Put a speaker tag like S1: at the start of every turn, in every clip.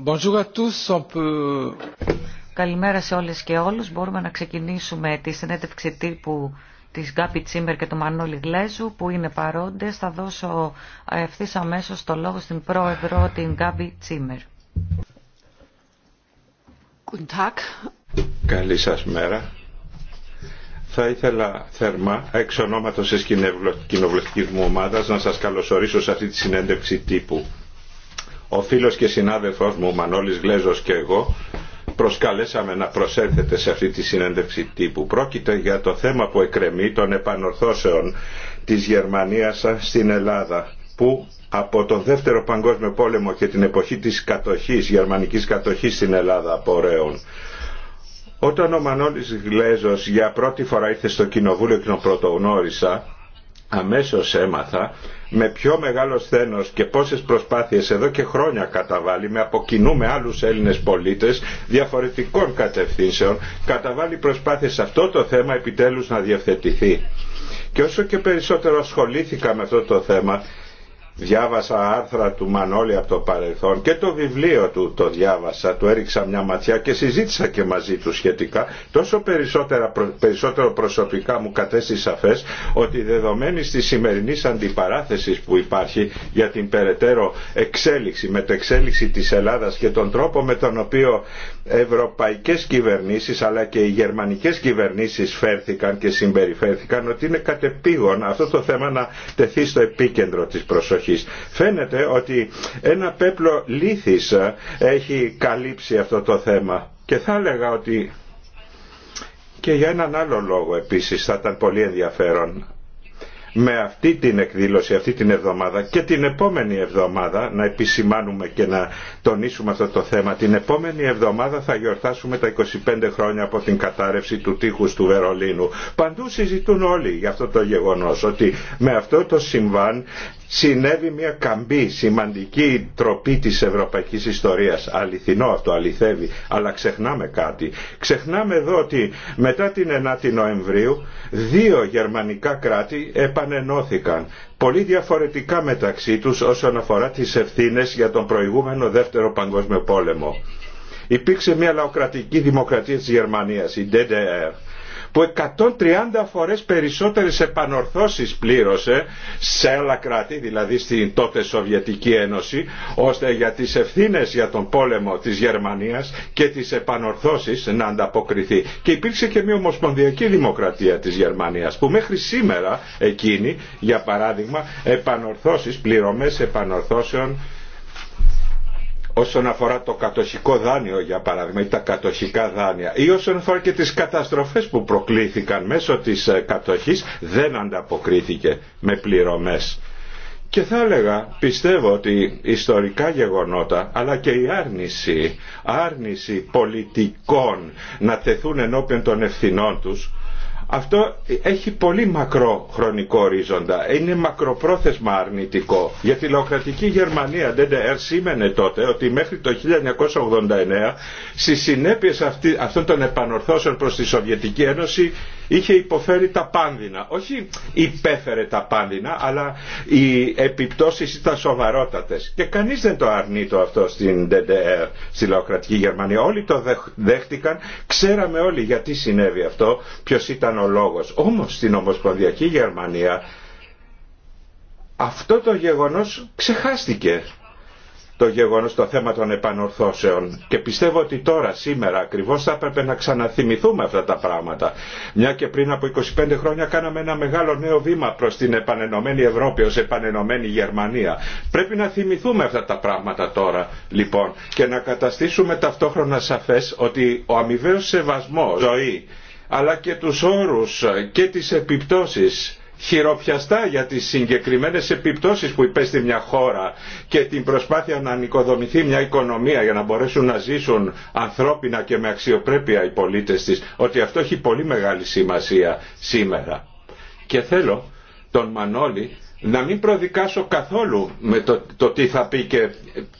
S1: Bonjour à tous. On peut... Καλημέρα σε όλες και όλους. Μπορούμε να ξεκινήσουμε τη συνέντευξη τύπου της Γκάπη Τσίμερ και του Μανώλη Γλέζου που είναι παρόντες. Θα δώσω ευθύ αμέσω το λόγο στην πρόεδρο την Γκάπη Τσίμερ.
S2: Καλή σας μέρα. Θα ήθελα θερμά, εξ ονόματος της κοινοβουλευτικής μου ομάδας, να σας καλωσορίσω σε αυτή τη συνέντευξη τύπου ο φίλος και συνάδελφός μου Μανώλης Γλέζος και εγώ προσκαλέσαμε να προσέλθετε σε αυτή τη συνέντευξη τύπου. Πρόκειται για το θέμα που εκκρεμεί των επανορθώσεων της Γερμανίας στην Ελλάδα που από τον Δεύτερο Παγκόσμιο Πόλεμο και την εποχή της κατοχής, γερμανικής κατοχής στην Ελλάδα ωραίων. Όταν ο Μανώλης Γλέζος για πρώτη φορά ήρθε στο Κοινοβούλιο και τον πρωτογνώρισα, αμέσως έμαθα με ποιο μεγάλο σθένος και πόσες προσπάθειες εδώ και χρόνια καταβάλει με αποκοινού με άλλους Έλληνες πολίτες διαφορετικών κατευθύνσεων καταβάλει προσπάθειες σε αυτό το θέμα επιτέλους να διευθετηθεί. Και όσο και περισσότερο ασχολήθηκα με αυτό το θέμα διάβασα άρθρα του Μανώλη από το παρελθόν και το βιβλίο του το διάβασα, του έριξα μια ματιά και συζήτησα και μαζί του σχετικά τόσο περισσότερα, περισσότερο προσωπικά μου κατέστη σαφές ότι δεδομένη τη σημερινή αντιπαράθεση που υπάρχει για την περαιτέρω εξέλιξη, μετεξέλιξη της Ελλάδας και τον τρόπο με τον οποίο ευρωπαϊκές κυβερνήσεις αλλά και οι γερμανικές κυβερνήσεις φέρθηκαν και συμπεριφέρθηκαν ότι είναι κατεπήγον αυτό το θέμα να τεθεί στο επίκεντρο της προσοχή. Φαίνεται ότι ένα πέπλο λύθης ε, έχει καλύψει αυτό το θέμα και θα έλεγα ότι και για έναν άλλο λόγο επίσης θα ήταν πολύ ενδιαφέρον με αυτή την εκδήλωση, αυτή την εβδομάδα και την επόμενη εβδομάδα να επισημάνουμε και να τονίσουμε αυτό το θέμα. Την επόμενη εβδομάδα θα γιορτάσουμε τα 25 χρόνια από την κατάρρευση του τείχους του Βερολίνου. Παντού συζητούν όλοι για αυτό το γεγονός ότι με αυτό το συμβάν συνέβη μια καμπή σημαντική τροπή της ευρωπαϊκής ιστορίας αληθινό αυτό αληθεύει αλλά ξεχνάμε κάτι ξεχνάμε εδώ ότι μετά την 9η Νοεμβρίου δύο γερμανικά κράτη επανενώθηκαν πολύ διαφορετικά μεταξύ τους όσον αφορά τις ευθύνες για τον προηγούμενο δεύτερο παγκόσμιο πόλεμο υπήρξε μια λαοκρατική δημοκρατία της Γερμανίας η DDR που 130 φορές περισσότερες επανορθώσεις πλήρωσε σε άλλα κράτη, δηλαδή στην τότε Σοβιετική Ένωση, ώστε για τις ευθύνες για τον πόλεμο της Γερμανίας και τις επανορθώσεις να ανταποκριθεί. Και υπήρξε και μια ομοσπονδιακή δημοκρατία της Γερμανίας που μέχρι σήμερα εκείνη, για παράδειγμα, επανορθώσεις, πληρωμές επανορθώσεων όσον αφορά το κατοχικό δάνειο για παράδειγμα ή τα κατοχικά δάνεια ή όσον αφορά και τις καταστροφές που προκλήθηκαν μέσω της ε, κατοχής δεν ανταποκρίθηκε με πληρωμές. Και θα έλεγα, πιστεύω ότι ιστορικά γεγονότα, αλλά και η άρνηση, άρνηση πολιτικών να τεθούν ενώπιον των ευθυνών τους, αυτό έχει πολύ μακρό χρονικό ορίζοντα. Είναι μακροπρόθεσμα αρνητικό. Για τη λαοκρατική Γερμανία, DDR, σήμαινε τότε ότι μέχρι το 1989 στις συνέπειες αυτών των επανορθώσεων προς τη Σοβιετική Ένωση είχε υποφέρει τα πάνδυνα. Όχι υπέφερε τα πάνδυνα, αλλά οι επιπτώσεις ήταν σοβαρότατες. Και κανείς δεν το αρνεί το αυτό στην DDR, στη λαοκρατική Γερμανία. Όλοι το δέχτηκαν, ξέραμε όλοι γιατί συνέβη αυτό, ποιος ήταν ο λόγος. Όμως στην Ομοσπονδιακή Γερμανία αυτό το γεγονός ξεχάστηκε το γεγονός το θέμα των επανορθώσεων και πιστεύω ότι τώρα σήμερα ακριβώς θα έπρεπε να ξαναθυμηθούμε αυτά τα πράγματα μια και πριν από 25 χρόνια κάναμε ένα μεγάλο νέο βήμα προς την επανενωμένη Ευρώπη ως επανενωμένη Γερμανία πρέπει να θυμηθούμε αυτά τα πράγματα τώρα λοιπόν και να καταστήσουμε ταυτόχρονα σαφές ότι ο αμοιβαίος σεβασμός ζωή αλλά και τους όρους και τις επιπτώσεις χειροπιαστά για τις συγκεκριμένες επιπτώσεις που υπέστη μια χώρα και την προσπάθεια να ανοικοδομηθεί μια οικονομία για να μπορέσουν να ζήσουν ανθρώπινα και με αξιοπρέπεια οι πολίτες της, ότι αυτό έχει πολύ μεγάλη σημασία σήμερα. Και θέλω τον Μανώλη να μην προδικάσω καθόλου με το, τι θα πει και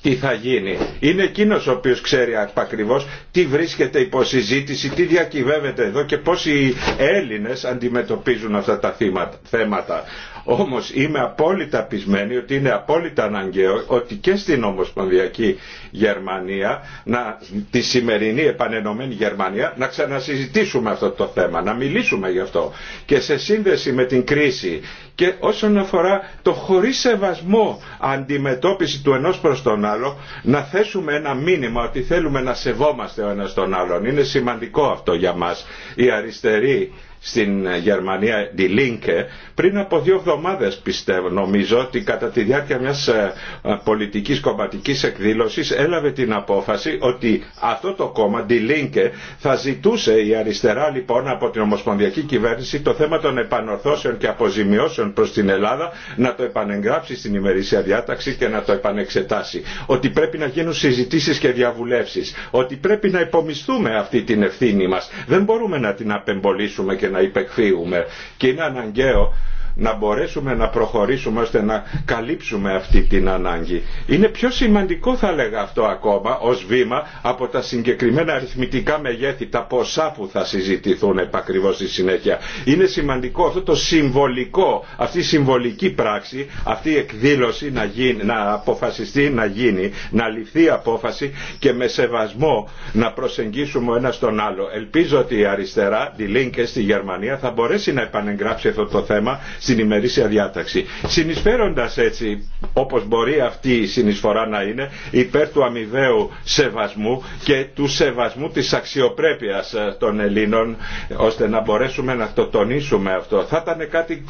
S2: τι θα γίνει. Είναι εκείνος ο οποίος ξέρει ακριβώς τι βρίσκεται υπό συζήτηση, τι διακυβεύεται εδώ και πώς οι Έλληνες αντιμετωπίζουν αυτά τα θέματα. Όμως είμαι απόλυτα πεισμένη ότι είναι απόλυτα αναγκαίο ότι και στην Ομοσπονδιακή Γερμανία, να, τη σημερινή επανενωμένη Γερμανία, να ξανασυζητήσουμε αυτό το θέμα, να μιλήσουμε γι' αυτό και σε σύνδεση με την κρίση και όσον αφορά το χωρίς σεβασμό αντιμετώπιση του ενός προς τον άλλο να θέσουμε ένα μήνυμα ότι θέλουμε να σεβόμαστε ο ένας τον άλλον. Είναι σημαντικό αυτό για μας. Οι αριστεροί στην ε, Γερμανία, τη Linke, πριν από δύο εβδομάδες πιστεύω, νομίζω ότι κατά τη διάρκεια μιας ε, ε, πολιτικής κομματικής εκδήλωσης έλαβε την απόφαση ότι αυτό το κόμμα, τη Linke, θα ζητούσε η αριστερά λοιπόν από την Ομοσπονδιακή Κυβέρνηση το θέμα των επανορθώσεων και αποζημιώσεων προς την Ελλάδα να το επανεγγράψει στην ημερήσια διάταξη και να το επανεξετάσει. Ότι πρέπει να γίνουν συζητήσεις και διαβουλεύσεις. Ότι πρέπει να υπομισθούμε αυτή την ευθύνη μας. Δεν μπορούμε να την απεμπολίσουμε και να να υπεκφύγουμε. Και είναι αναγκαίο να μπορέσουμε να προχωρήσουμε ώστε να καλύψουμε αυτή την ανάγκη. Είναι πιο σημαντικό θα λέγα αυτό ακόμα ως βήμα από τα συγκεκριμένα αριθμητικά μεγέθη, τα ποσά που θα συζητηθούν επακριβώς στη συνέχεια. Είναι σημαντικό αυτό το συμβολικό, αυτή η συμβολική πράξη, αυτή η εκδήλωση να, γίνει, να αποφασιστεί να γίνει, να ληφθεί η απόφαση και με σεβασμό να προσεγγίσουμε ο ένας τον άλλο. Ελπίζω ότι η αριστερά, τη Λίνκε στη Γερμανία θα μπορέσει να επανεγγράψει αυτό το θέμα στην ημερήσια διάταξη. Συνεισφέροντας έτσι όπως μπορεί αυτή η συνεισφορά να είναι υπέρ του αμοιβαίου σεβασμού και του σεβασμού της αξιοπρέπειας ε, των Ελλήνων ώστε να μπορέσουμε να το τονίσουμε αυτό. Θα ήταν κάτι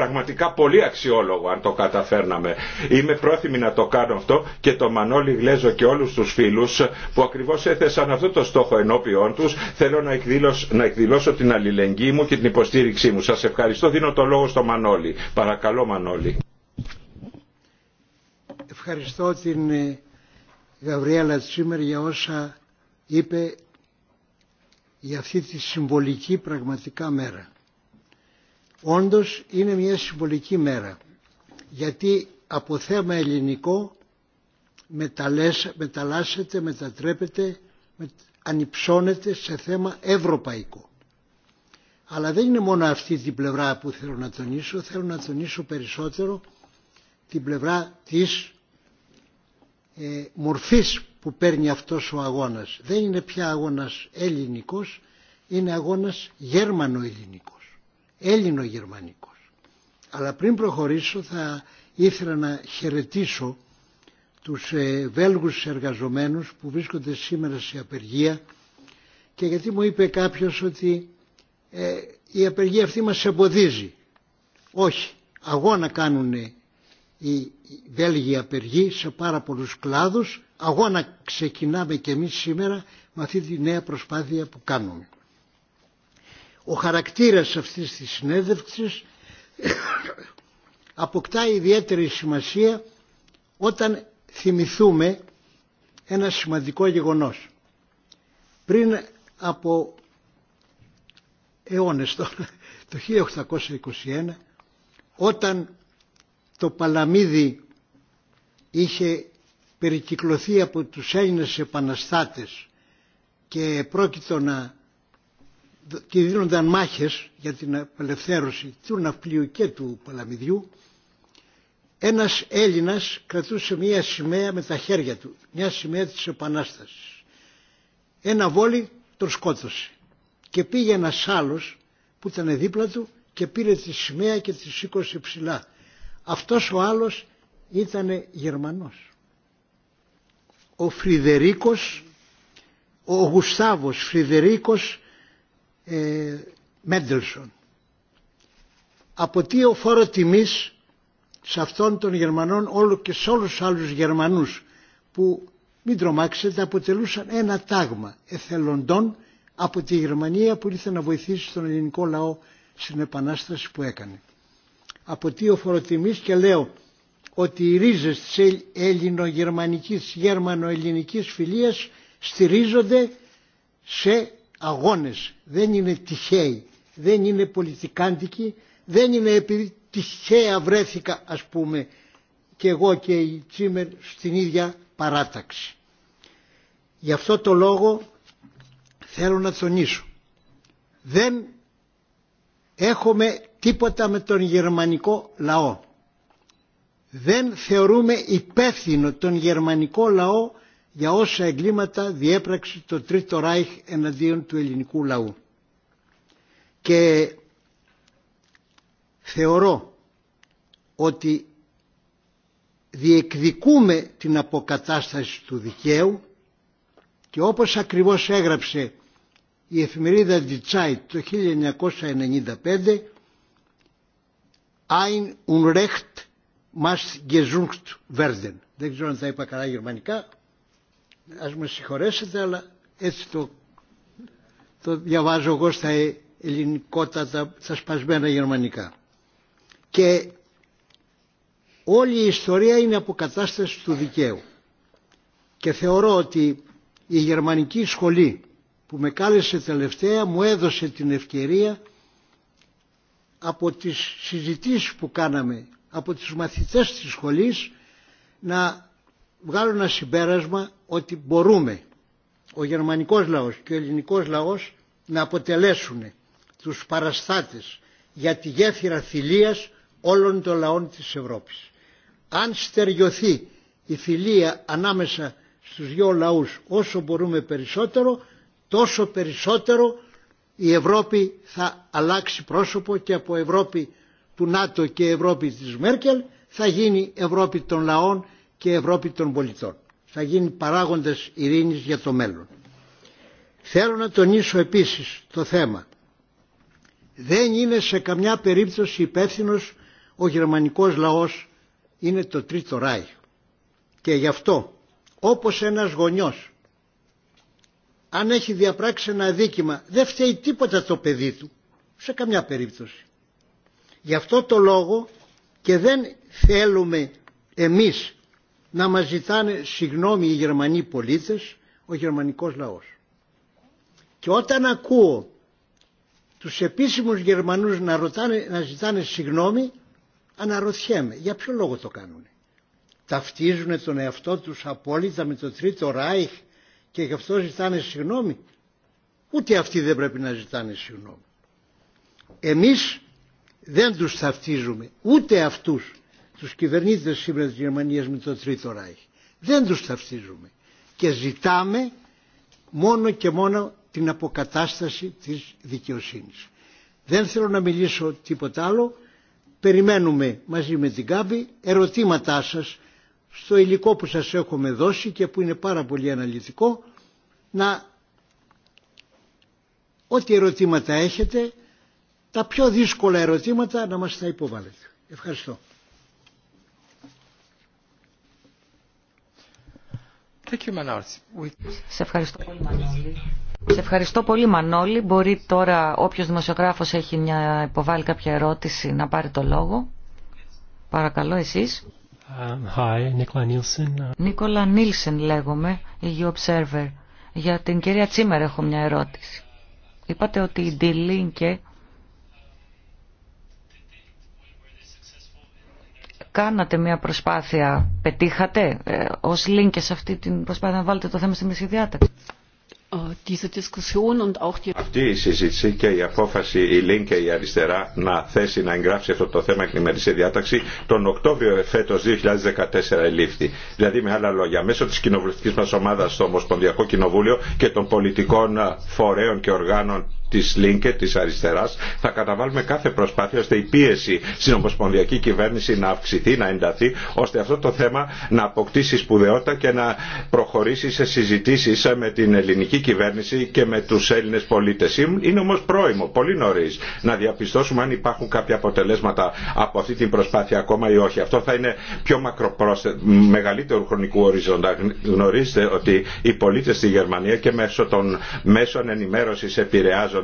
S2: πραγματικά πολύ αξιόλογο αν το καταφέρναμε. Είμαι πρόθυμη να το κάνω αυτό και το Μανώλη Γλέζο και όλους τους φίλους που ακριβώς έθεσαν αυτό το στόχο ενώπιόν τους θέλω να εκδηλώσω, να την αλληλεγγύη μου και την υποστήριξή μου. Σας ευχαριστώ. Δίνω το λόγο στο Μανώλη. Παρακαλώ Μανώλη.
S3: Ευχαριστώ την ε, Γαβριέλα Τσίμερ για όσα είπε για αυτή τη συμβολική πραγματικά μέρα. Όντως είναι μια συμβολική μέρα γιατί από θέμα ελληνικό μεταλλάσσεται, μετατρέπεται, ανυψώνεται σε θέμα ευρωπαϊκό. Αλλά δεν είναι μόνο αυτή την πλευρά που θέλω να τονίσω, θέλω να τονίσω περισσότερο την πλευρά της ε, μορφής που παίρνει αυτός ο αγώνας. Δεν είναι πια αγώνας ελληνικός, είναι αγώνας γερμανοελληνικός. Έλληνο-Γερμανικός. Αλλά πριν προχωρήσω θα ήθελα να χαιρετήσω τους ε, Βέλγους εργαζομένους που βρίσκονται σήμερα σε απεργία και γιατί μου είπε κάποιος ότι ε, η απεργία αυτή μας εμποδίζει. Όχι, αγώνα κάνουν οι Βέλγοι απεργοί σε πάρα πολλούς κλάδους, αγώνα ξεκινάμε και εμείς σήμερα με αυτή τη νέα προσπάθεια που κάνουμε. Ο χαρακτήρας αυτής της συνέδευξης αποκτά ιδιαίτερη σημασία όταν θυμηθούμε ένα σημαντικό γεγονός. Πριν από αιώνες τώρα, το 1821, όταν το Παλαμίδι είχε περικυκλωθεί από τους Έλληνες επαναστάτες και πρόκειτο να και δίνονταν μάχες για την απελευθέρωση του ναυπλίου και του παλαμιδιού ένας Έλληνας κρατούσε μια σημαία με τα χέρια του, μια σημαία της Επανάστασης. Ένα βόλι τον σκότωσε και πήγε ένας άλλος που ήταν δίπλα του και πήρε τη σημαία και τη σήκωσε ψηλά. Αυτός ο άλλος ήταν Γερμανός. Ο Φρυδερίκος, ο Γουστάβος Φρυδερίκος ε, Μέντελσον. Από τι οφόρο τιμής σε αυτόν των Γερμανών όλο και σε όλους τους άλλους Γερμανούς που μην τρομάξετε αποτελούσαν ένα τάγμα εθελοντών από τη Γερμανία που ήρθε να βοηθήσει τον ελληνικό λαό στην επανάσταση που έκανε. Από τι τιμής και λέω ότι οι ρίζες της ελληνογερμανικής, γερμανοελληνικής φιλίας στηρίζονται σε αγώνες δεν είναι τυχαίοι, δεν είναι πολιτικάντικοι, δεν είναι επειδή τυχαία βρέθηκα ας πούμε και εγώ και η Τσίμερ στην ίδια παράταξη. Γι' αυτό το λόγο θέλω να τονίσω. Δεν έχουμε τίποτα με τον γερμανικό λαό. Δεν θεωρούμε υπεύθυνο τον γερμανικό λαό για όσα εγκλήματα διέπραξε το Τρίτο Ράιχ εναντίον του ελληνικού λαού. Και θεωρώ ότι διεκδικούμε την αποκατάσταση του δικαίου και όπως ακριβώς έγραψε η εφημερίδα Zeit το 1995 Ein Unrecht must gesucht werden. Δεν ξέρω αν θα είπα καλά γερμανικά, Ας με συγχωρέσετε, αλλά έτσι το, το διαβάζω εγώ στα ε, ελληνικότατα, στα σπασμένα γερμανικά. Και όλη η ιστορία είναι αποκατάσταση του δικαίου. Και θεωρώ ότι η γερμανική σχολή που με κάλεσε τελευταία μου έδωσε την ευκαιρία από τις συζητήσεις που κάναμε από τους μαθητές της σχολής να βγάλω ένα συμπέρασμα ότι μπορούμε ο γερμανικός λαός και ο ελληνικός λαός να αποτελέσουν τους παραστάτες για τη γέφυρα θηλείας όλων των λαών της Ευρώπης. Αν στεριωθεί η θηλεία ανάμεσα στους δύο λαούς όσο μπορούμε περισσότερο, τόσο περισσότερο η Ευρώπη θα αλλάξει πρόσωπο και από Ευρώπη του ΝΑΤΟ και Ευρώπη της Μέρκελ θα γίνει Ευρώπη των λαών και Ευρώπη των πολιτών. Θα γίνει παράγοντας ειρήνης για το μέλλον. Θέλω να τονίσω επίσης το θέμα. Δεν είναι σε καμιά περίπτωση υπεύθυνο ο γερμανικός λαός είναι το τρίτο ράι. Και γι' αυτό όπως ένας γονιός αν έχει διαπράξει ένα αδίκημα δεν φταίει τίποτα το παιδί του σε καμιά περίπτωση. Γι' αυτό το λόγο και δεν θέλουμε εμείς να μας ζητάνε συγγνώμη οι Γερμανοί πολίτες, ο γερμανικός λαός. Και όταν ακούω τους επίσημους Γερμανούς να, ρωτάνε, να ζητάνε συγγνώμη, αναρωτιέμαι για ποιο λόγο το κάνουν. Ταυτίζουν τον εαυτό τους απόλυτα με το Τρίτο Ράιχ και γι' αυτό ζητάνε συγγνώμη. Ούτε αυτοί δεν πρέπει να ζητάνε συγγνώμη. Εμείς δεν τους ταυτίζουμε, ούτε αυτούς τους κυβερνήτες σήμερα της Γερμανίας με το Τρίτο Ράιχ. Δεν τους ταυτίζουμε και ζητάμε μόνο και μόνο την αποκατάσταση της δικαιοσύνης. Δεν θέλω να μιλήσω τίποτα άλλο. Περιμένουμε μαζί με την Κάμπη ερωτήματά σας στο υλικό που σας έχουμε δώσει και που είναι πάρα πολύ αναλυτικό να ό,τι ερωτήματα έχετε τα πιο δύσκολα ερωτήματα να μας τα υποβάλλετε. Ευχαριστώ.
S1: Σε ευχαριστώ πολύ Μανώλη. Σε ευχαριστώ πολύ Μπορεί τώρα όποιος δημοσιογράφος έχει μια, υποβάλει κάποια ερώτηση να πάρει το λόγο. Παρακαλώ εσείς.
S3: Um, hi, Nicola Nielsen.
S1: Νίκολα Νίλσεν λέγομαι, η Observer. Για την κυρία Τσίμερ έχω μια ερώτηση. Είπατε ότι η Ντιλίνκε Κάνατε μια προσπάθεια, πετύχατε ε, ως link σε αυτή την προσπάθεια να βάλετε το θέμα στη μέση διάταξη.
S2: Αυτή η συζήτηση και η απόφαση η Λίν και η αριστερά να θέσει να εγγράψει αυτό το θέμα στη ημερησία διάταξη τον Οκτώβριο φέτος 2014 ελήφθη. Δηλαδή με άλλα λόγια μέσω της κοινοβουλευτικής μας ομάδας στο Ομοσπονδιακό Κοινοβούλιο και των πολιτικών ε, φορέων και οργάνων της Λίνκε, της αριστεράς, θα καταβάλουμε κάθε προσπάθεια ώστε η πίεση στην Ομοσπονδιακή Κυβέρνηση να αυξηθεί, να ενταθεί, ώστε αυτό το θέμα να αποκτήσει σπουδαιότητα και να προχωρήσει σε συζητήσεις με την ελληνική κυβέρνηση και με τους Έλληνες πολίτες. Είναι όμως πρόημο, πολύ νωρί να διαπιστώσουμε αν υπάρχουν κάποια αποτελέσματα από αυτή την προσπάθεια ακόμα ή όχι. Αυτό θα είναι πιο μακροπρόσθετο, μεγαλύτερο χρονικού οριζόντα. Γνωρίζετε ότι οι πολίτες στη Γερμανία και μέσω των μέσων ενημέρωσης επηρεάζονται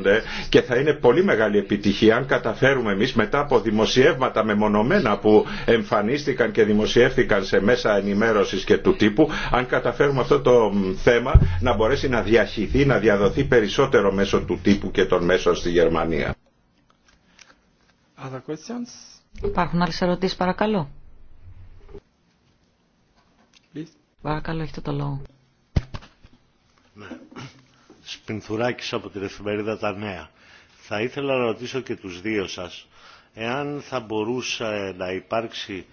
S2: και θα είναι πολύ μεγάλη επιτυχία αν καταφέρουμε εμείς μετά από δημοσιεύματα μεμονωμένα που εμφανίστηκαν και δημοσιεύθηκαν σε μέσα ενημέρωσης και του τύπου αν καταφέρουμε αυτό το θέμα να μπορέσει να διαχυθεί, να διαδοθεί περισσότερο μέσω του τύπου και των μέσων στη Γερμανία.
S1: Υπάρχουν άλλες ερωτήσεις παρακαλώ. Παρακαλώ έχετε το λόγο.
S2: Ναι. Σπινθουράκης από την εφημερίδα Τα Νέα. Θα ήθελα να ρωτήσω και τους δύο σας εάν θα μπορούσε να υπάρξει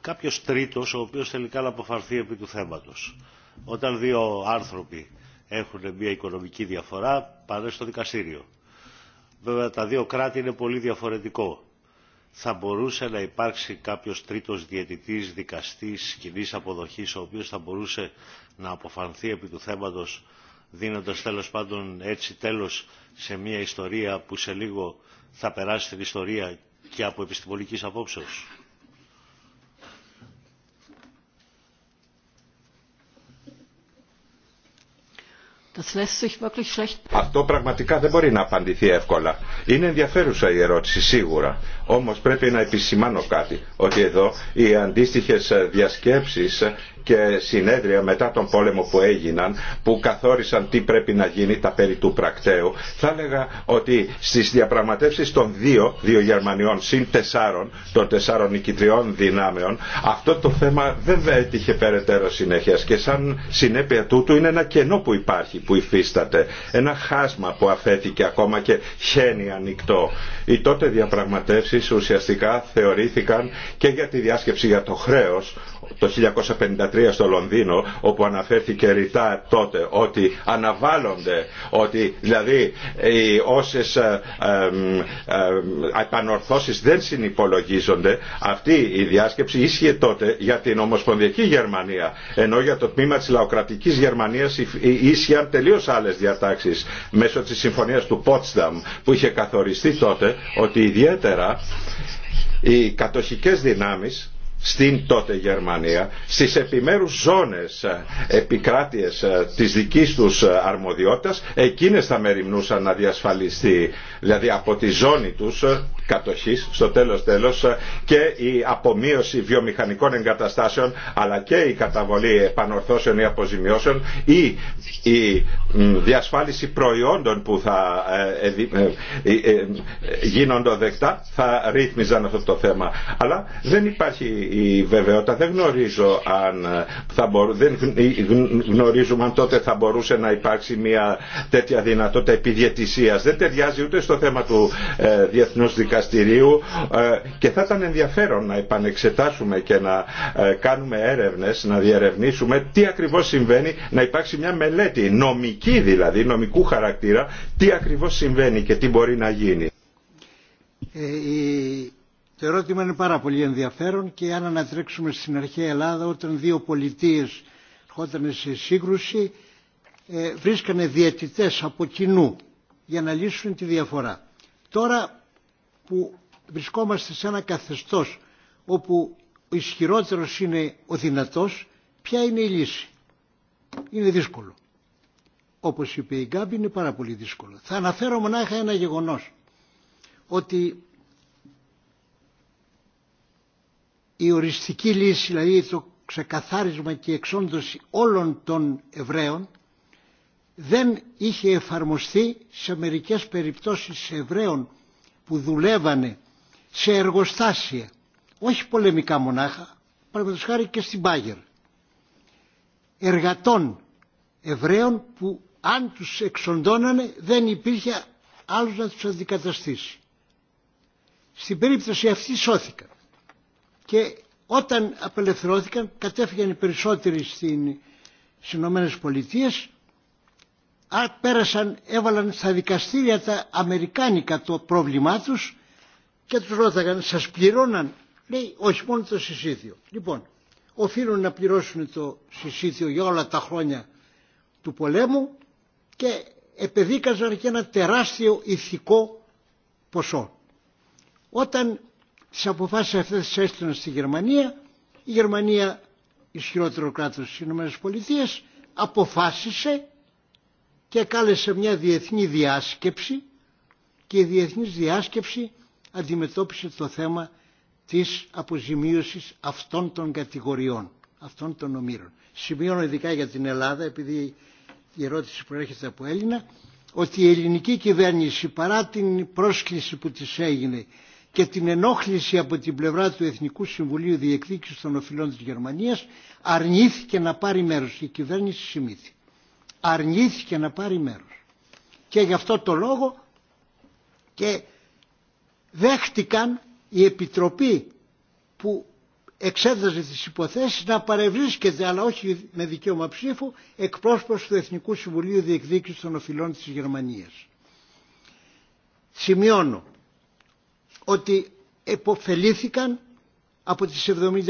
S2: κάποιος τρίτος ο οποίος τελικά να αποφαρθεί επί του θέματος. Όταν δύο άνθρωποι έχουν μια οικονομική διαφορά πάνε στο δικαστήριο. Βέβαια τα δύο κράτη είναι πολύ διαφορετικό. Θα μπορούσε να υπάρξει κάποιος τρίτος διαιτητής, δικαστής, κοινή αποδοχής ο οποίος θα μπορούσε να αποφανθεί επί του θέματος δίνοντας τέλος πάντων έτσι τέλος σε μια ιστορία που σε λίγο θα περάσει την ιστορία και από επιστημονικής απόψεως. Αυτό πραγματικά δεν μπορεί να απαντηθεί εύκολα. Είναι ενδιαφέρουσα η ερώτηση σίγουρα. Όμως πρέπει να επισημάνω κάτι, ότι εδώ οι αντίστοιχες διασκέψεις και συνέδρια μετά τον πόλεμο που έγιναν που καθόρισαν τι πρέπει να γίνει τα περί του πρακτέου. Θα έλεγα ότι στις διαπραγματεύσεις των δύο, δύο Γερμανιών συν τεσσάρων, των τεσσάρων νικητριών δυνάμεων, αυτό το θέμα δεν έτυχε περαιτέρω συνέχεια και σαν συνέπεια τούτου είναι ένα κενό που υπάρχει, που υφίσταται. Ένα χάσμα που αφέθηκε ακόμα και χαίνει ανοιχτό. Οι τότε διαπραγματεύσεις ουσιαστικά θεωρήθηκαν και για τη διάσκεψη για το χρέος το 1953 στο Λονδίνο όπου αναφέρθηκε ρητά τότε ότι αναβάλλονται ότι δηλαδή οι όσες ε, ε, ε, επανορθώσεις δεν συνυπολογίζονται αυτή η διάσκεψη ίσχυε τότε για την Ομοσπονδιακή Γερμανία ενώ για το τμήμα της λαοκρατικής Γερμανίας ίσχυαν τελείως άλλες διατάξεις μέσω της συμφωνίας του Πότσταμ που είχε καθοριστεί τότε ότι ιδιαίτερα οι κατοχικές δυνάμεις στην τότε Γερμανία στις επιμέρους ζώνες ε, επικράτειες ε, της δικής τους ε, αρμοδιότητας εκείνες θα μεριμνούσαν να διασφαλιστεί δηλαδή από τη ζώνη τους κατοχής στο τέλος τέλος και η απομείωση βιομηχανικών εγκαταστάσεων αλλά και η καταβολή επανορθώσεων ή αποζημιώσεων ή η διασφάλιση προϊόντων που θα γίνονται δεκτά θα ρύθμιζαν αυτό το θέμα. Αλλά δεν υπάρχει η βεβαιότητα. Δεν γνωρίζω αν θα δεν ε, γνωρίζουμε αν τότε θα μπορούσε να υπάρξει μια τέτοια δυνατότητα επιδιαιτησίας. Δεν ταιριάζει ούτε στο θέμα του ε, Διεθνούς Δικαστηρίου ε, και θα ήταν ενδιαφέρον να επανεξετάσουμε και να ε, κάνουμε έρευνες, να διερευνήσουμε τι ακριβώς συμβαίνει, να υπάρξει μια μελέτη νομική δηλαδή, νομικού χαρακτήρα, τι ακριβώς συμβαίνει και τι μπορεί να γίνει.
S3: Το ερώτημα είναι πάρα πολύ ενδιαφέρον και αν ανατρέξουμε στην αρχαία Ελλάδα όταν δύο πολιτείες ερχόταν σε σύγκρουση ε, βρίσκανε διαιτητές από κοινού για να λύσουν τη διαφορά. Τώρα που βρισκόμαστε σε ένα καθεστώς όπου ο ισχυρότερος είναι ο δυνατός, ποια είναι η λύση. Είναι δύσκολο. Όπως είπε η Γκάμπη, είναι πάρα πολύ δύσκολο. Θα αναφέρω μονάχα ένα γεγονός. Ότι η οριστική λύση, δηλαδή το ξεκαθάρισμα και η εξόντωση όλων των Εβραίων δεν είχε εφαρμοστεί σε μερικές περιπτώσεις Εβραίων που δουλεύανε σε εργοστάσια, όχι πολεμικά μονάχα, παραδείγματος χάρη και στην Πάγερ, εργατών Εβραίων που αν τους εξοντώνανε δεν υπήρχε άλλος να τους αντικαταστήσει. Στην περίπτωση αυτή σώθηκαν και όταν απελευθερώθηκαν κατέφυγαν οι περισσότεροι στην, στις Ηνωμένες Πολιτείες πέρασαν, έβαλαν στα δικαστήρια τα αμερικάνικα το πρόβλημά τους και τους ρώταγαν σας πληρώναν λέει όχι μόνο το συσίδιο λοιπόν οφείλουν να πληρώσουν το συσίδιο για όλα τα χρόνια του πολέμου και επεδίκαζαν και ένα τεράστιο ηθικό ποσό όταν τι αποφάσει αυτέ τις έστειλαν στη Γερμανία. Η Γερμανία, ισχυρότερο κράτο στι ΗΠΑ, αποφάσισε και κάλεσε μια διεθνή διάσκεψη και η διεθνής διάσκεψη αντιμετώπισε το θέμα της αποζημίωσης αυτών των κατηγοριών, αυτών των ομήρων. Σημειώνω ειδικά για την Ελλάδα, επειδή η ερώτηση προέρχεται από Έλληνα, ότι η ελληνική κυβέρνηση παρά την πρόσκληση που της έγινε και την ενόχληση από την πλευρά του Εθνικού Συμβουλίου Διεκδίκησης των Οφειλών της Γερμανίας αρνήθηκε να πάρει μέρος. Η κυβέρνηση Σιμίθη αρνήθηκε να πάρει μέρος. Και γι' αυτό το λόγο και δέχτηκαν η Επιτροπή που εξέταζε τις υποθέσεις να παρευρίσκεται αλλά όχι με δικαίωμα ψήφου εκπρόσωπος του Εθνικού Συμβουλίου Διεκδίκησης των Οφειλών της Γερμανίας. Σημειώνω ότι εποφελήθηκαν από τις 73.000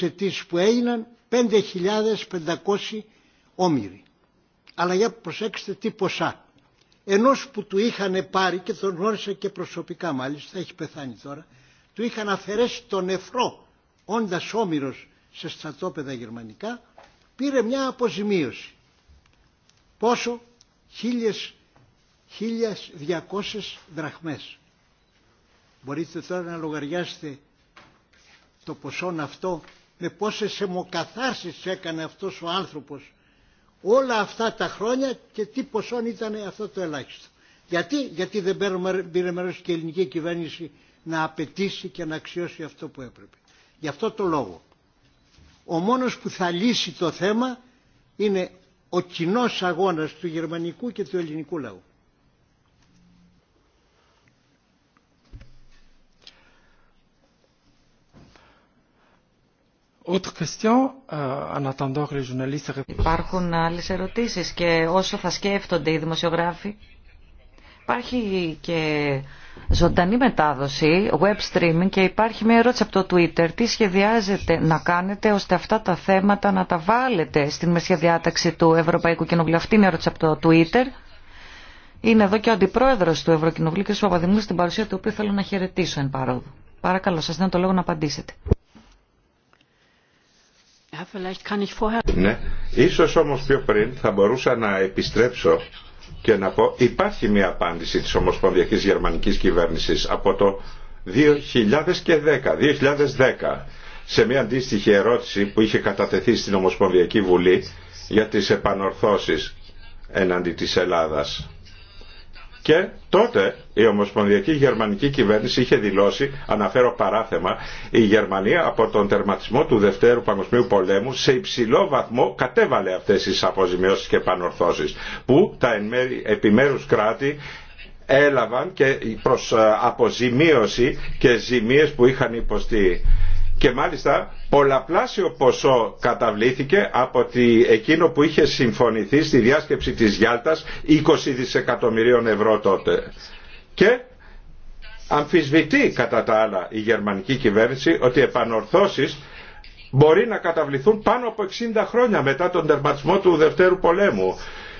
S3: αιτήσει που έγιναν 5.500 όμοιροι. Αλλά για προσέξτε τι ποσά. Ενός που του είχαν πάρει και τον γνώρισα και προσωπικά μάλιστα, έχει πεθάνει τώρα, του είχαν αφαιρέσει τον νεφρό όντα όμοιρο σε στρατόπεδα γερμανικά, πήρε μια αποζημίωση. Πόσο? 1.200 δραχμές. Μπορείτε τώρα να λογαριάσετε το ποσό αυτό με πόσες αιμοκαθάρσεις έκανε αυτός ο άνθρωπος όλα αυτά τα χρόνια και τι ποσόν ήταν αυτό το ελάχιστο. Γιατί, γιατί δεν πήρε μέρος και η ελληνική κυβέρνηση να απαιτήσει και να αξιώσει αυτό που έπρεπε. Γι' αυτό το λόγο. Ο μόνος που θα λύσει το θέμα είναι ο κοινός αγώνας του γερμανικού και του ελληνικού λαού.
S1: Euh, Υπάρχουν άλλε ερωτήσει και όσο θα σκέφτονται οι δημοσιογράφοι υπάρχει και ζωντανή μετάδοση, web streaming και υπάρχει μια ερώτηση από το Twitter. Τι σχεδιάζετε να κάνετε ώστε αυτά τα θέματα να τα βάλετε στην διάταξη του Ευρωπαϊκού Κοινοβουλίου. Αυτή είναι η ερώτηση από το Twitter. Είναι εδώ και ο αντιπρόεδρο του Ευρωκοινοβουλίου και ο Παπαδημίου στην παρουσία του οποίου θέλω να χαιρετήσω εν παρόδου. Παρακαλώ, σα δίνω το λόγο να απαντήσετε.
S2: Ναι, ίσως όμως πιο πριν θα μπορούσα να επιστρέψω και να πω υπάρχει μια απάντηση της Ομοσπονδιακής Γερμανικής Κυβέρνησης από το 2010, 2010 σε μια αντίστοιχη ερώτηση που είχε κατατεθεί στην Ομοσπονδιακή Βουλή για τις επανορθώσεις εναντί της Ελλάδας. Και τότε η Ομοσπονδιακή Γερμανική Κυβέρνηση είχε δηλώσει, αναφέρω παράθεμα, η Γερμανία από τον τερματισμό του Δευτέρου Παγκοσμίου Πολέμου σε υψηλό βαθμό κατέβαλε αυτές τις αποζημιώσεις και επανορθώσεις που τα επιμέρους κράτη έλαβαν και προς ε, αποζημίωση και ζημίες που είχαν υποστεί και μάλιστα πολλαπλάσιο ποσό καταβλήθηκε από τη, εκείνο που είχε συμφωνηθεί στη διάσκεψη της Γιάλτας 20 δισεκατομμυρίων ευρώ τότε. Και αμφισβητεί κατά τα άλλα η γερμανική κυβέρνηση ότι επανορθώσεις μπορεί να καταβληθούν πάνω από 60 χρόνια μετά τον τερματισμό του Δευτέρου Πολέμου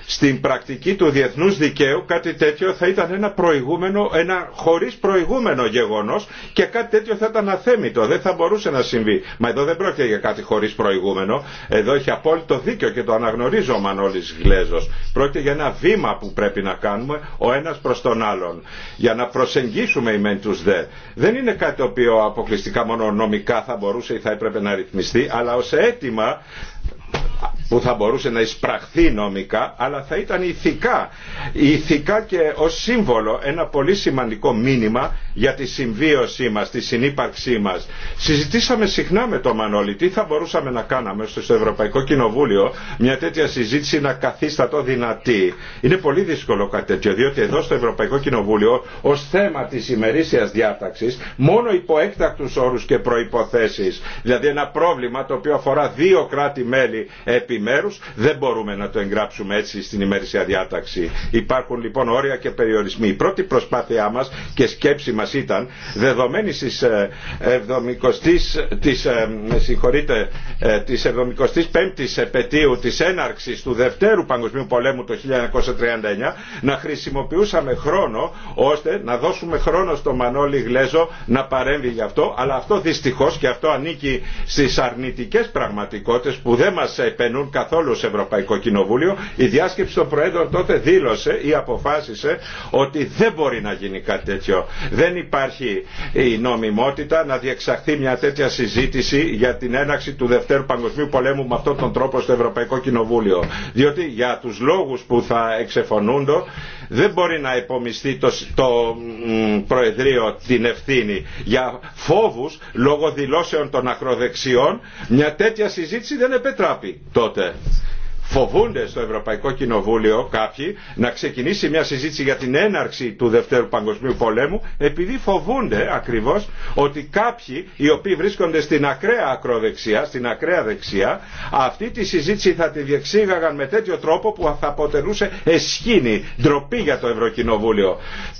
S2: στην πρακτική του διεθνούς δικαίου κάτι τέτοιο θα ήταν ένα προηγούμενο, ένα χωρίς προηγούμενο γεγονός και κάτι τέτοιο θα ήταν αθέμητο, δεν θα μπορούσε να συμβεί. Μα εδώ δεν πρόκειται για κάτι χωρίς προηγούμενο, εδώ έχει απόλυτο δίκιο και το αναγνωρίζω ο Μανώλης Γλέζος. Πρόκειται για ένα βήμα που πρέπει να κάνουμε ο ένας προς τον άλλον, για να προσεγγίσουμε οι μεν τους δε. Δεν είναι κάτι το οποίο αποκλειστικά μόνο νομικά θα μπορούσε ή θα έπρεπε να ρυθμιστεί, αλλά ως αίτημα που θα μπορούσε να εισπραχθεί νομικά αλλά θα ήταν ηθικά ηθικά και ως σύμβολο ένα πολύ σημαντικό μήνυμα για τη συμβίωσή μας, τη συνύπαρξή μας. Συζητήσαμε συχνά με τον Μανώλη τι θα μπορούσαμε να κάναμε στο Ευρωπαϊκό Κοινοβούλιο μια τέτοια συζήτηση να καθίστατο δυνατή. Είναι πολύ δύσκολο κάτι τέτοιο διότι εδώ στο Ευρωπαϊκό Κοινοβούλιο ως θέμα της ημερήσιας διάταξης μόνο υπό έκτακτους όρους και προϋποθέσεις δηλαδή ένα πρόβλημα το οποίο αφορά δύο κράτη-μέλη επί δεν μπορούμε να το εγγράψουμε έτσι στην ημερησία διάταξη. Υπάρχουν λοιπόν όρια και περιορισμοί. Η πρώτη προσπάθειά μας και σκέψη μας ήταν δεδομένη ε, της ε, ε, της 75ης επαιτίου της έναρξης του Δευτέρου Παγκοσμίου Πολέμου το 1939 να χρησιμοποιούσαμε χρόνο ώστε να δώσουμε χρόνο στο Μανώλη Γλέζο να παρέμβει γι' αυτό αλλά αυτό δυστυχώς και αυτό ανήκει στις αρνητικές πραγματικότητες που δεν μα επενούν καθόλου σε Ευρωπαϊκό Κοινοβούλιο. Η διάσκεψη των Προέδρων τότε δήλωσε ή αποφάσισε ότι δεν μπορεί να γίνει κάτι τέτοιο. Δεν υπάρχει η νομιμότητα να διεξαχθεί μια τέτοια συζήτηση για την έναξη του Δευτέρου Παγκοσμίου Πολέμου με αυτόν τον τρόπο στο Ευρωπαϊκό Κοινοβούλιο. Διότι για τους λόγους που θα εξεφωνούνται δεν μπορεί να υπομειστεί το, Προεδρείο την ευθύνη για φόβους λόγω δηλώσεων των ακροδεξιών μια τέτοια συζήτηση δεν επετράπει τότε φοβούνται στο Ευρωπαϊκό Κοινοβούλιο κάποιοι να ξεκινήσει μια συζήτηση για την έναρξη του Δευτέρου Παγκοσμίου Πολέμου επειδή φοβούνται ακριβώς ότι κάποιοι οι οποίοι βρίσκονται στην ακραία ακροδεξιά, στην ακραία δεξιά αυτή τη συζήτηση θα τη διεξήγαγαν με τέτοιο τρόπο που θα αποτελούσε εσχήνη, ντροπή για το Ευρωκοινοβούλιο.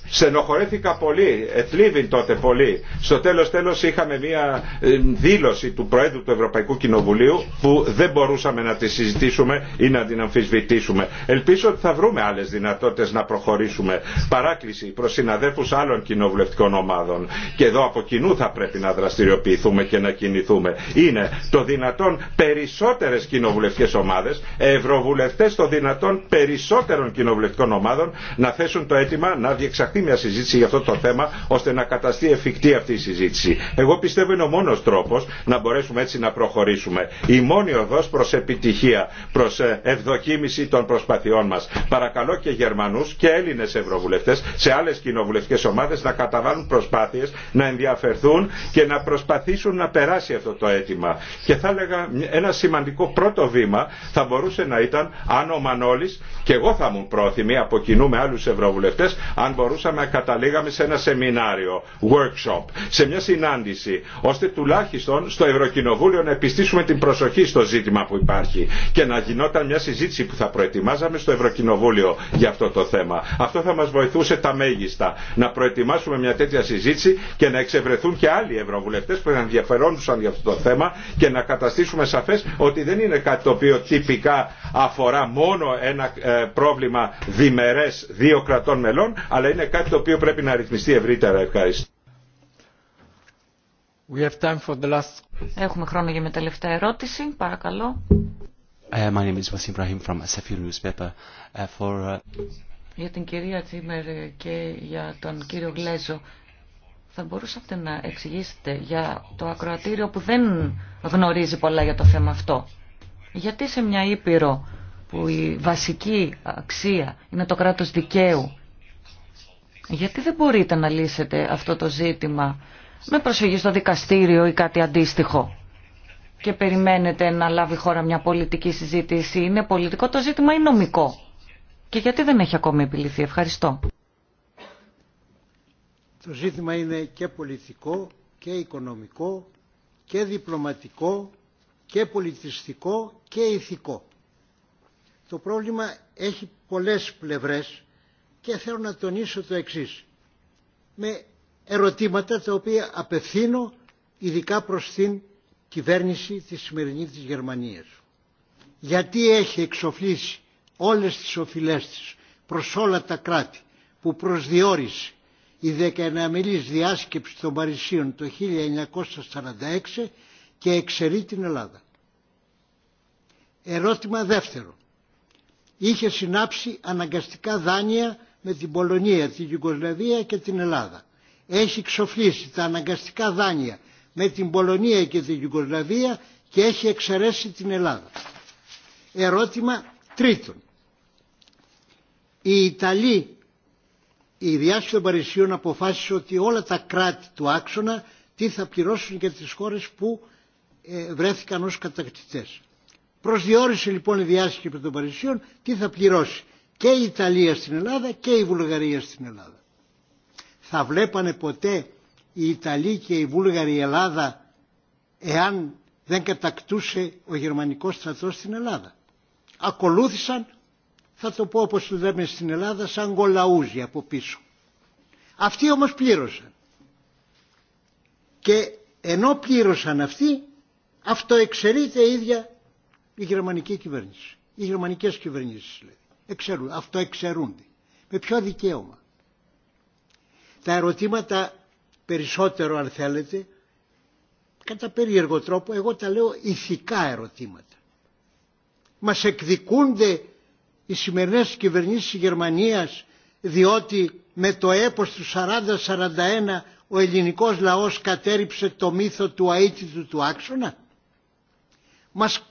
S2: Στενοχωρέθηκα πολύ, εθλίβην τότε πολύ. Στο τέλος τέλος είχαμε μια ε, δήλωση του Προέδρου του Ευρωπαϊκού Κοινοβουλίου που δεν μπορούσαμε να τη συζητήσουμε ή να την αμφισβητήσουμε. Ελπίζω ότι θα βρούμε άλλε δυνατότητε να προχωρήσουμε. Παράκληση προ συναδέλφου άλλων κοινοβουλευτικών ομάδων. Και εδώ από κοινού θα πρέπει να δραστηριοποιηθούμε και να κινηθούμε. Είναι το δυνατόν περισσότερε κοινοβουλευτικέ ομάδε, ευρωβουλευτέ το δυνατόν περισσότερων κοινοβουλευτικών ομάδων να θέσουν το αίτημα να διεξαχθεί μια συζήτηση για αυτό το θέμα ώστε να καταστεί εφικτή αυτή η συζήτηση. Εγώ πιστεύω είναι ο μόνο τρόπο να μπορέσουμε έτσι να προχωρήσουμε. Η μόνη οδό προ επιτυχία, ε, ευδοκίμηση των προσπαθειών μας. Παρακαλώ και Γερμανούς και Έλληνες Ευρωβουλευτές σε άλλες κοινοβουλευτικές ομάδες να καταβάλουν προσπάθειες, να ενδιαφερθούν και να προσπαθήσουν να περάσει αυτό το αίτημα. Και θα έλεγα ένα σημαντικό πρώτο βήμα θα μπορούσε να ήταν αν ο Μανώλης και εγώ θα ήμουν πρόθυμη από κοινού με άλλους Ευρωβουλευτές αν μπορούσαμε να καταλήγαμε σε ένα σεμινάριο, workshop, σε μια συνάντηση ώστε τουλάχιστον στο Ευρωκοινοβούλιο να επιστήσουμε την προσοχή στο ζήτημα που υπάρχει και να γινόταν ήταν μια συζήτηση που θα προετοιμάζαμε στο Ευρωκοινοβούλιο για αυτό το θέμα. Αυτό θα μας βοηθούσε τα μέγιστα να προετοιμάσουμε μια τέτοια συζήτηση και να εξευρεθούν και άλλοι ευρωβουλευτές που θα ενδιαφερόντουσαν για αυτό το θέμα και να καταστήσουμε σαφές ότι δεν είναι κάτι το οποίο τυπικά αφορά μόνο ένα ε, πρόβλημα διμερές δύο κρατών μελών αλλά είναι κάτι το οποίο πρέπει να ρυθμιστεί ευρύτερα. Ευχαριστώ.
S3: We have time for the last...
S1: Έχουμε χρόνο για μια τελευταία ερώτηση. Παρακαλώ.
S3: Uh, my name is Ibrahim from uh, uh,
S1: Για την κυρία Τσίμερ και για τον κύριο Γλέζο, θα μπορούσατε να εξηγήσετε για το ακροατήριο που δεν γνωρίζει πολλά για το θέμα αυτό. Γιατί σε μια Ήπειρο που η βασική αξία είναι το κράτος δικαίου, γιατί δεν μπορείτε να λύσετε αυτό το ζήτημα με προσφυγή στο δικαστήριο ή κάτι αντίστοιχο και περιμένετε να λάβει χώρα μια πολιτική συζήτηση. Είναι πολιτικό το ζήτημα ή νομικό. Και γιατί δεν έχει ακόμη επιληθεί. Ευχαριστώ.
S3: Το ζήτημα είναι και πολιτικό και οικονομικό και διπλωματικό και πολιτιστικό και ηθικό. Το πρόβλημα έχει πολλές πλευρές και θέλω να τονίσω το εξής. Με ερωτήματα τα οποία απευθύνω ειδικά προς την κυβέρνηση της σημερινή της Γερμανίας. Γιατί έχει εξοφλήσει όλες τις οφειλές της προς όλα τα κράτη που προσδιορίσε η δεκαεναμιλής διάσκεψη των Παρισίων το 1946 και εξαιρεί την Ελλάδα. Ερώτημα δεύτερο. Είχε συνάψει αναγκαστικά δάνεια με την Πολωνία, την Ιουγκοσλαβία και την Ελλάδα. Έχει εξοφλήσει τα αναγκαστικά δάνεια με την Πολωνία και την Ιουγκοσλαβία και έχει εξαιρέσει την Ελλάδα. Ερώτημα τρίτον. Η Ιταλή, η διάσκεψη των Παρισίων αποφάσισε ότι όλα τα κράτη του άξονα τι θα πληρώσουν για τις χώρες που ε, βρέθηκαν ως κατακτητές. Προσδιορίσε λοιπόν η διάσκεψη των Παρισίων τι θα πληρώσει και η Ιταλία στην Ελλάδα και η Βουλγαρία στην Ελλάδα. Θα βλέπανε ποτέ η Ιταλή και η Βούλγαρη η Ελλάδα εάν δεν κατακτούσε ο γερμανικός στρατός στην Ελλάδα. Ακολούθησαν, θα το πω όπως το λέμε στην Ελλάδα, σαν κολαούζοι από πίσω. Αυτοί όμως πλήρωσαν. Και ενώ πλήρωσαν αυτοί, αυτοεξαιρείται η ίδια η γερμανική κυβέρνηση. Οι γερμανικές κυβερνήσεις δηλαδή. Εξαιρούν, αυτοεξαιρούνται. Με ποιο δικαίωμα. Τα ερωτήματα περισσότερο αν θέλετε, κατά περίεργο τρόπο, εγώ τα λέω ηθικά ερωτήματα. Μας εκδικούνται οι σημερινές κυβερνήσεις της Γερμανίας διότι με το έπος του 40-41 ο ελληνικός λαός κατέριψε το μύθο του αίτητου του άξονα. Μας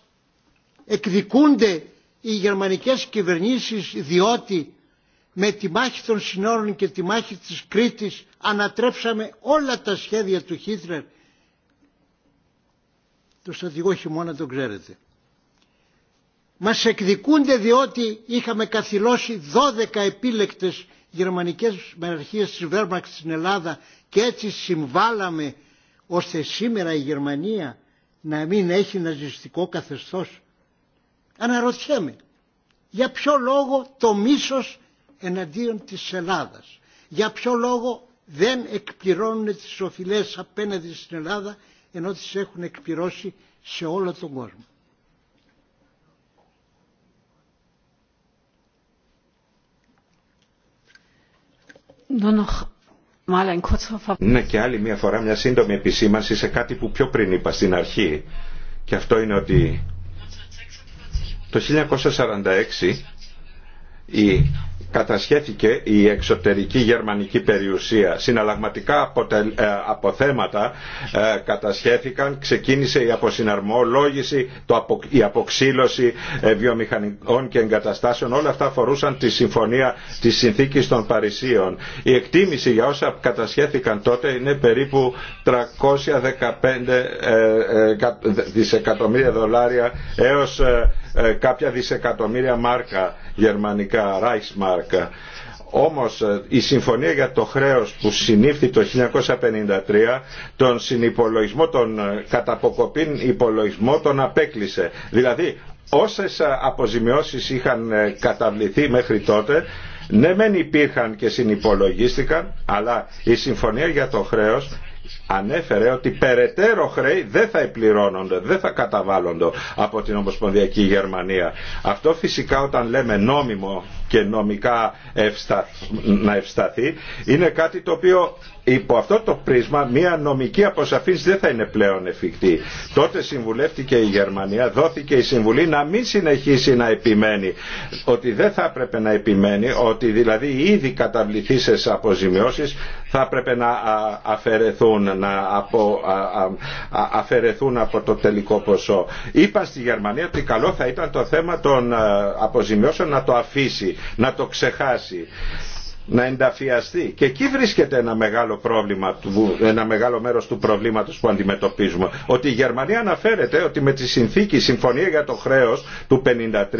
S3: εκδικούνται οι γερμανικές κυβερνήσεις διότι με τη μάχη των συνόρων και τη μάχη της Κρήτης ανατρέψαμε όλα τα σχέδια του Χίτλερ. Το στρατηγό χειμώνα τον ξέρετε. Μας εκδικούνται διότι είχαμε καθυλώσει 12 επίλεκτες γερμανικές μεραρχίες της Βέρμαξ στην Ελλάδα και έτσι συμβάλαμε ώστε σήμερα η Γερμανία να μην έχει ναζιστικό καθεστώς. Αναρωτιέμαι, για ποιο λόγο το μίσος εναντίον της Ελλάδας. Για ποιο λόγο δεν εκπληρώνουν τις οφειλές απέναντι στην Ελλάδα ενώ τις έχουν εκπληρώσει σε όλο τον κόσμο.
S2: Ναι και άλλη μια φορά μια σύντομη επισήμανση σε κάτι που πιο πριν είπα στην αρχή και αυτό είναι ότι το 1946 η κατασχέθηκε η εξωτερική γερμανική περιουσία. Συναλλαγματικά ε, αποθέματα ε, κατασχέθηκαν, ξεκίνησε η αποσυναρμολόγηση, η αποξήλωση ε, βιομηχανικών και εγκαταστάσεων. Όλα αυτά αφορούσαν τη συμφωνία της συνθήκης των Παρισίων. Η εκτίμηση για όσα κατασχέθηκαν τότε είναι περίπου 315 δισεκατομμύρια δολάρια έως ε, κάποια δισεκατομμύρια μάρκα γερμανικά, Reichsmark. Όμως ε, η συμφωνία για το χρέος που συνήφθη το 1953 τον συνυπολογισμό, τον ε, καταποκοπήν υπολογισμό τον απέκλεισε. Δηλαδή όσες αποζημιώσεις είχαν καταβληθεί μέχρι τότε ναι μεν υπήρχαν και συνυπολογίστηκαν αλλά η συμφωνία για το χρέος ανέφερε ότι περαιτέρω χρέη δεν θα επληρώνονται, δεν θα καταβάλλονται από την Ομοσπονδιακή Γερμανία. Αυτό φυσικά όταν λέμε νόμιμο και νομικά να ευσταθεί είναι κάτι το οποίο υπό αυτό το πρίσμα μια νομική αποσαφήνιση δεν θα είναι πλέον εφικτή. Τότε συμβουλεύτηκε η Γερμανία, δόθηκε η συμβουλή να μην συνεχίσει να επιμένει, ότι δεν θα έπρεπε να επιμένει, ότι δηλαδή ήδη καταβληθεί αποζημιώσεις θα έπρεπε να αφαιρεθούν, να απο, αφαιρεθούν από το τελικό ποσό. Είπα στη Γερμανία ότι καλό θα ήταν το θέμα των ε, αποζημιώσεων να το αφήσει, να το ξεχάσει να ενταφιαστεί. Και εκεί βρίσκεται ένα μεγάλο, πρόβλημα, ένα μεγάλο μέρος του προβλήματος που αντιμετωπίζουμε. Ότι η Γερμανία αναφέρεται ότι με τη συνθήκη Συμφωνία για το Χρέος του 1953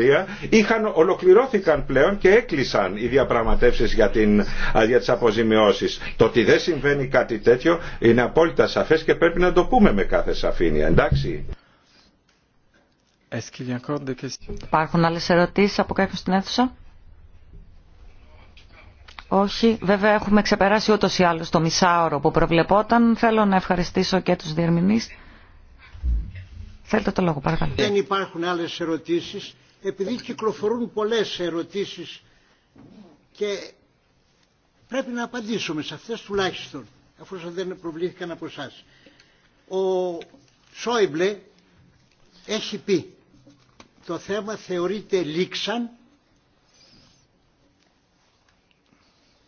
S2: είχαν, ολοκληρώθηκαν πλέον και έκλεισαν οι διαπραγματεύσεις για, την, για τις αποζημιώσεις. Το ότι δεν συμβαίνει κάτι τέτοιο είναι απόλυτα σαφές και πρέπει να το πούμε με κάθε σαφήνεια. Εντάξει.
S1: Υπάρχουν άλλες ερωτήσεις από κάποιον στην αίθουσα. Όχι, βέβαια έχουμε ξεπεράσει ούτως ή άλλως το μισάωρο που προβλεπόταν. Θέλω να ευχαριστήσω και τους διερμηνείς. Θέλετε το λόγο, παρακαλώ.
S3: Δεν υπάρχουν άλλες ερωτήσεις. Επειδή κυκλοφορούν πολλές ερωτήσεις και πρέπει να απαντήσουμε σε αυτές τουλάχιστον, αφού δεν προβλήθηκαν από εσά. Ο Σόιμπλε έχει πει το θέμα θεωρείται λήξαν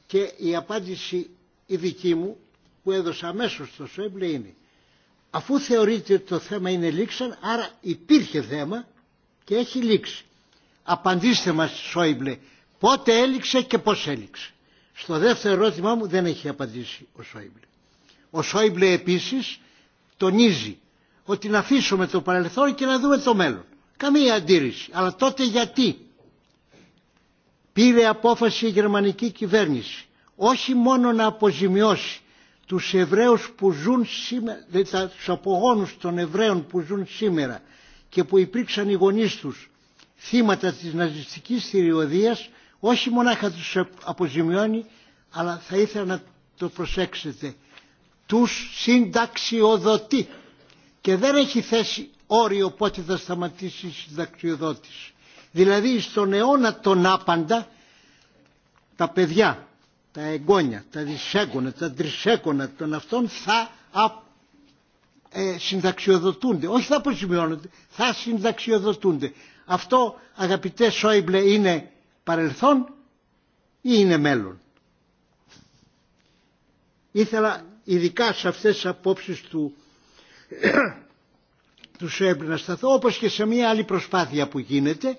S3: Και η απάντηση η δική μου που έδωσα αμέσω στο Σόιμπλε είναι αφού θεωρείται ότι το θέμα είναι λήξαν, άρα υπήρχε θέμα και έχει λήξει. Απαντήστε μας Σόιμπλε πότε έληξε και πώς έληξε. Στο δεύτερο ερώτημά μου δεν έχει απαντήσει ο Σόιμπλε. Ο Σόιμπλε επίσης τονίζει ότι να αφήσουμε το παρελθόν και να δούμε το μέλλον. Καμία αντίρρηση. Αλλά τότε γιατί πήρε απόφαση η γερμανική κυβέρνηση όχι μόνο να αποζημιώσει τους Εβραίους που ζουν σήμερα, τους απογόνους των Εβραίων που ζουν σήμερα και που υπήρξαν οι γονείς τους θύματα της ναζιστικής θηριωδίας, όχι μονάχα τους αποζημιώνει, αλλά θα ήθελα να το προσέξετε, τους συνταξιοδοτεί. Και δεν έχει θέση όριο πότε θα σταματήσει η συνταξιοδότηση. Δηλαδή στον αιώνα τον άπαντα τα παιδιά, τα εγγόνια, τα δυσέγγωνα, τα τρισέγγωνα των αυτών θα ε, συνταξιοδοτούνται. Όχι θα αποζημιώνονται, θα συνταξιοδοτούνται. Αυτό αγαπητέ Σόιμπλε είναι παρελθόν ή είναι μέλλον. Ήθελα ειδικά σε αυτές τις απόψεις του, του Σόιμπλε να σταθώ όπως και σε μια άλλη προσπάθεια που γίνεται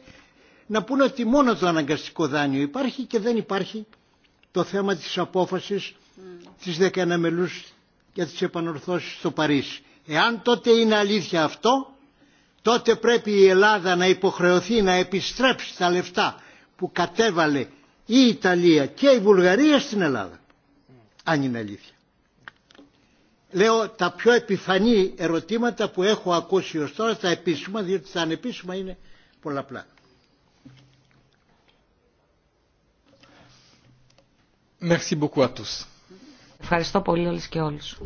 S3: να πούνε ότι μόνο το αναγκαστικό δάνειο υπάρχει και δεν υπάρχει το θέμα της απόφασης mm. της δεκαναμελούς για τις επανορθώσεις στο Παρίσι. Εάν τότε είναι αλήθεια αυτό, τότε πρέπει η Ελλάδα να υποχρεωθεί να επιστρέψει τα λεφτά που κατέβαλε η Ιταλία και η Βουλγαρία στην Ελλάδα. Αν είναι αλήθεια. Λέω τα πιο επιφανή ερωτήματα που έχω ακούσει ως τώρα, τα επίσημα, διότι τα ανεπίσημα είναι πολλαπλά. Merci beaucoup à tous.
S1: Ευχαριστώ πολύ όλες και όλους.